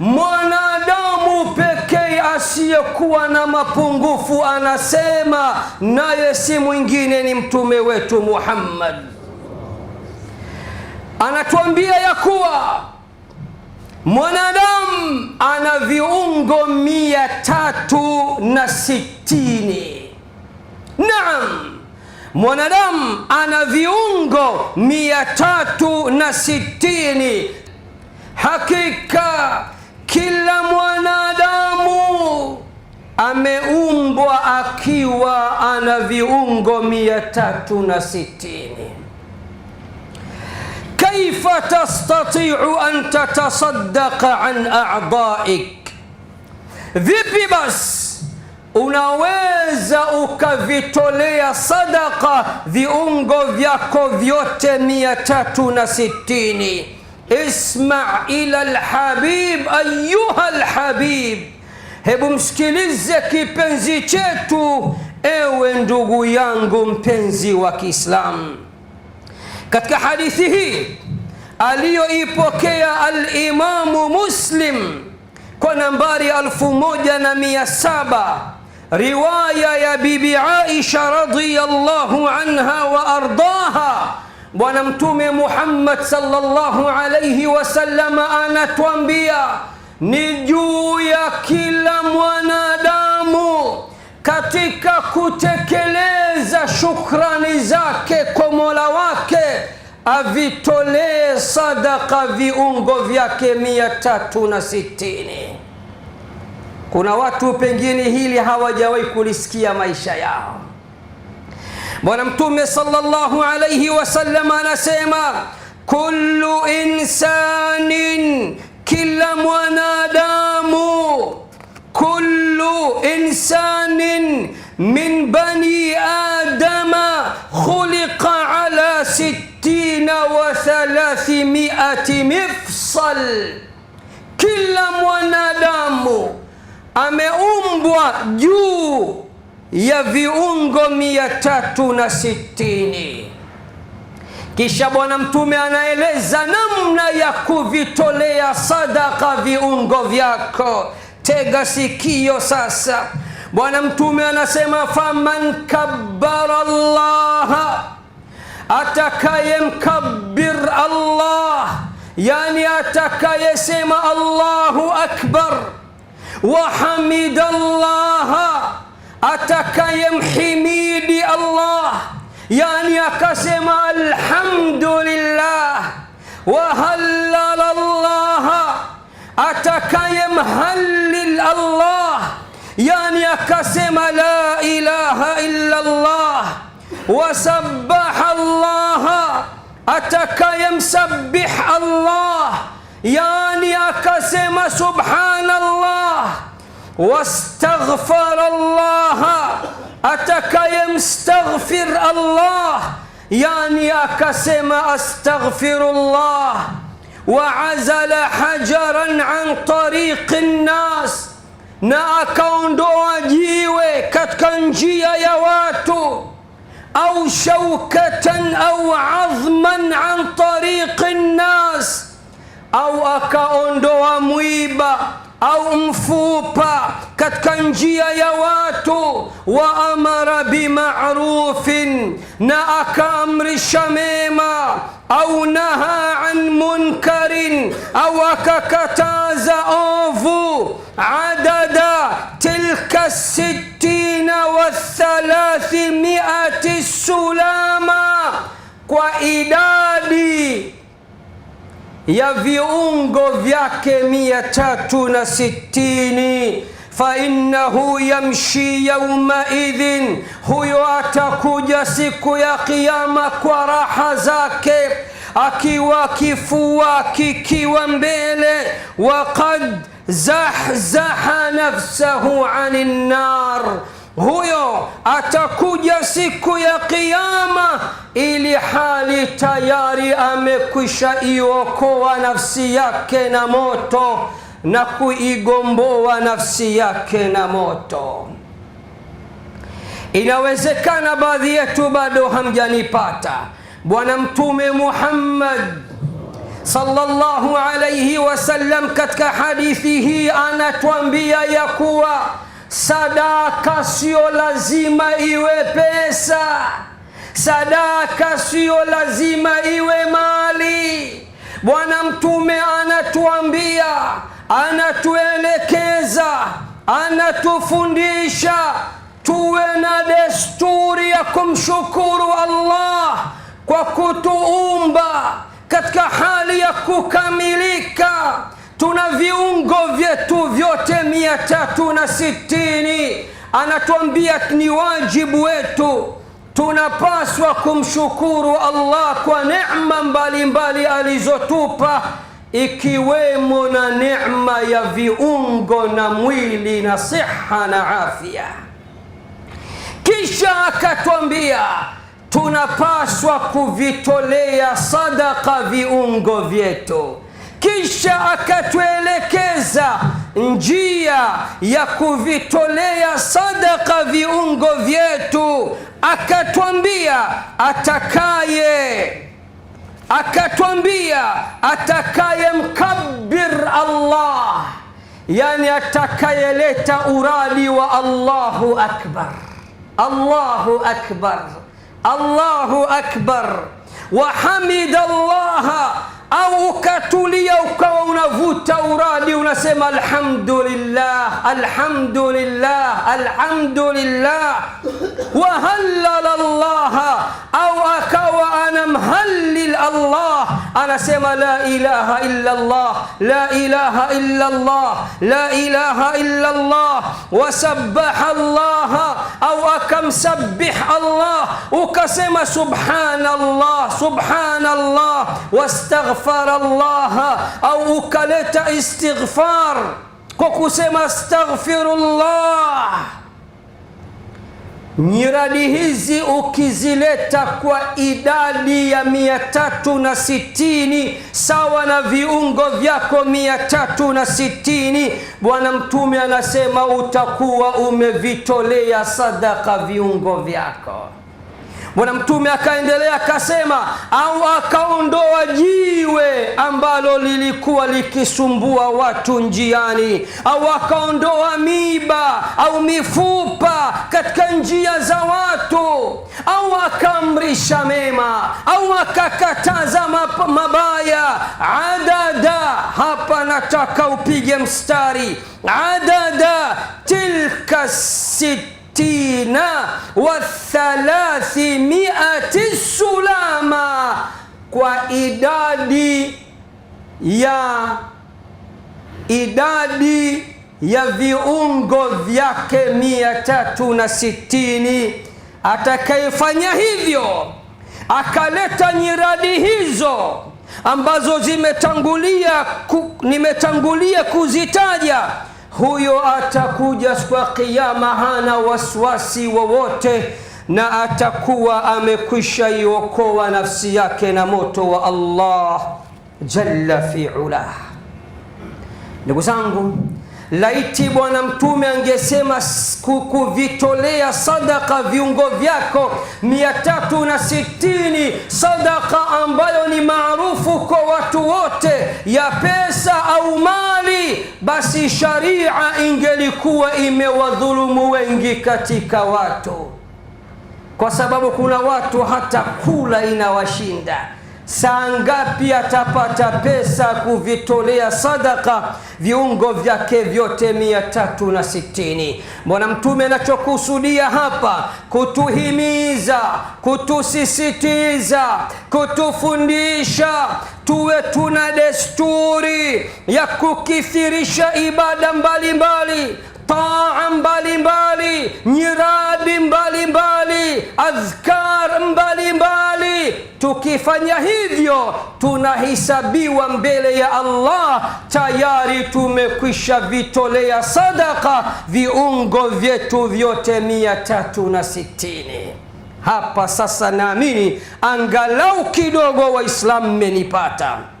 Mwanadamu pekee asiyekuwa na mapungufu anasema, naye si mwingine ni mtume wetu Muhammad. Anatuambia ya kuwa mwanadamu ana viungo mia tatu na sitini. Naam, mwanadamu ana viungo mia tatu na sitini. Hakika kila mwanadamu ameumbwa akiwa ana viungo mia tatu na sitini. Kaifa tastatiu an tatasaddaqa an a'daik, vipi basi unaweza ukavitolea sadaka viungo vyako vyote mia tatu na sitini? isma ila lhabib ayuha lhabib, hebu msikilize kipenzi chetu, ewe ndugu yangu mpenzi wa Kiislamu. Katika hadithi hii aliyoipokea Alimamu Muslim kwa nambari 1700 riwaya ya Bibi Aisha radhiyallahu anha wa ardaha Bwana Mtume Muhammad sallallahu alayhi wasallama anatwambia ni juu ya kila mwanadamu katika kutekeleza shukrani zake kwa Mola wake avitolee sadaka viungo vyake mia tatu na sitini. Kuna watu pengine hili hawajawahi kulisikia maisha yao. Bwana Mtume sallallahu alayhi wasallam anasema kullu insanin, kila mwanadamu, kullu insanin min bani adama khuliqa ala sittina wa thalathimiati mifsal, kila mwanadamu ameumbwa juu ya viungo mia tatu na sitini. Kisha Bwana Mtume anaeleza namna ya kuvitolea sadaka viungo vyako. Tega sikio sasa. Bwana Mtume anasema faman kabbara Allaha, atakayemkabir Allah, yani atakayesema Allahu akbar wa hamida Allaha atakayemhimidi Allah, yani akasema alhamdulillah wahallala Allah, atakayemhallil Allah, yani akasema la ilaha illa Allah wasabbaha Allah, atakayemsabbih Allah, yani akasema subhanallah واستغفر الله اتك يمستغفر الله يعني اكسم استغفر الله وعزل حجرا عن طريق الناس ناكوندو جيوي كتكنجيا يواتو او شوكه او عظما عن طريق الناس او اكوندو مويبه au mfupa katika njia ya watu, wa amara bimarufin, na akaamrisha mema, au naha an munkarin, au akakataza ovu. Adada tilka sittina wa thalathimiati sulama, kwa idadi ya viungo vyake mia tatu na sitini fainnahu yamshi yaumaidhin, huyo atakuja siku ya Kiyama kwa raha zake akiwa kifua kikiwa mbele. Waqad zahzaha nafsahu ani nnar huyo atakuja siku ya Kiyama ili hali tayari amekwisha iokoa nafsi yake na moto na kuigomboa nafsi yake na moto. Inawezekana baadhi yetu bado hamjanipata. Bwana Mtume Muhammad sallallahu alayhi wasallam katika hadithi hii anatwambia ya kuwa Sadaka siyo lazima iwe pesa, sadaka siyo lazima iwe mali. Bwana Mtume anatuambia, anatuelekeza, anatufundisha tuwe na desturi ya kumshukuru Allah kwa kutuumba katika hali ya kukamilika tuna viungo vyetu vyote mia tatu na sitini. Anatuambia ni wajibu wetu, tunapaswa kumshukuru Allah kwa neema mbalimbali alizotupa, ikiwemo na neema ya viungo na mwili na siha na afya. Kisha akatwambia tunapaswa kuvitolea sadaka viungo vyetu kisha akatuelekeza njia ya kuvitolea sadaka viungo vyetu, akatwambia atakaye akatwambia atakaye atakayemkabir Allah, yani atakayeleta uradi wa Allahu akbar, Allahu akbar, Allahu akbar, wa hamida Allah ukatulia ukawa unavuta uradi unasema alhamdulillah alhamdulillah alhamdulillah wahalala llaha au akawa anamhallil Allah anasema la ilaha illa Allah la ilaha illa Allah la ilaha illa Allah wasabbaha Allah au akamsabbih Allah ukasema subhanallah subhanallah wastaghfara Allah au ukaleta istighfar kwa kusema astaghfirullah. Nyiradi hizi ukizileta kwa idadi ya mia tatu na sitini sawa na viungo vyako mia tatu na sitini Bwana Mtume anasema utakuwa umevitolea sadaka viungo vyako. Bwana Mtume akaendelea akasema, au akaondoa jiwe ambalo lilikuwa likisumbua watu njiani, au akaondoa miba au mifupa katika njia za watu, au akaamrisha mema au akakataza mabaya. Adada, hapa nataka upige mstari adada tilka sit sittina wa sulama, kwa idadi ya idadi ya viungo vyake mia tatu na sitini. Atakayefanya hivyo akaleta nyiradi hizo ambazo zimetangulia ku, nimetangulia kuzitaja huyo atakuja siku ya Kiyama hana wasiwasi wowote, na atakuwa amekwisha iokoa nafsi yake na moto wa Allah jalla fi'ala. Ndugu zangu Laiti Bwana Mtume angesema kuvitolea sadaka viungo vyako mia tatu na sitini, sadaka ambayo ni maarufu kwa watu wote, ya pesa au mali, basi sharia ingelikuwa imewadhulumu wengi katika watu, kwa sababu kuna watu hata kula inawashinda saa ngapi atapata pesa kuvitolea sadaka viungo vyake vyote mia tatu na sitini? Mbona Mtume anachokusudia hapa kutuhimiza, kutusisitiza, kutufundisha tuwe tuna desturi ya kukithirisha ibada mbalimbali mbali taa mbalimbali, nyiradi mbalimbali, azkar mbalimbali. Tukifanya hivyo tunahisabiwa mbele ya Allah, tayari tumekwisha vitolea sadaka viungo vyetu vyote mia tatu na sitini. Hapa sasa naamini angalau kidogo Waislamu mmenipata.